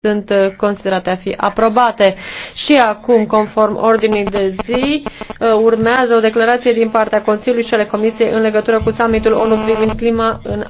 sunt uh, considerate a fi aprobate. Și acum, conform ordinii de zi, uh, urmează o declarație din partea Consiliului și ale Comisiei în legătură cu summitul ONU privind clima în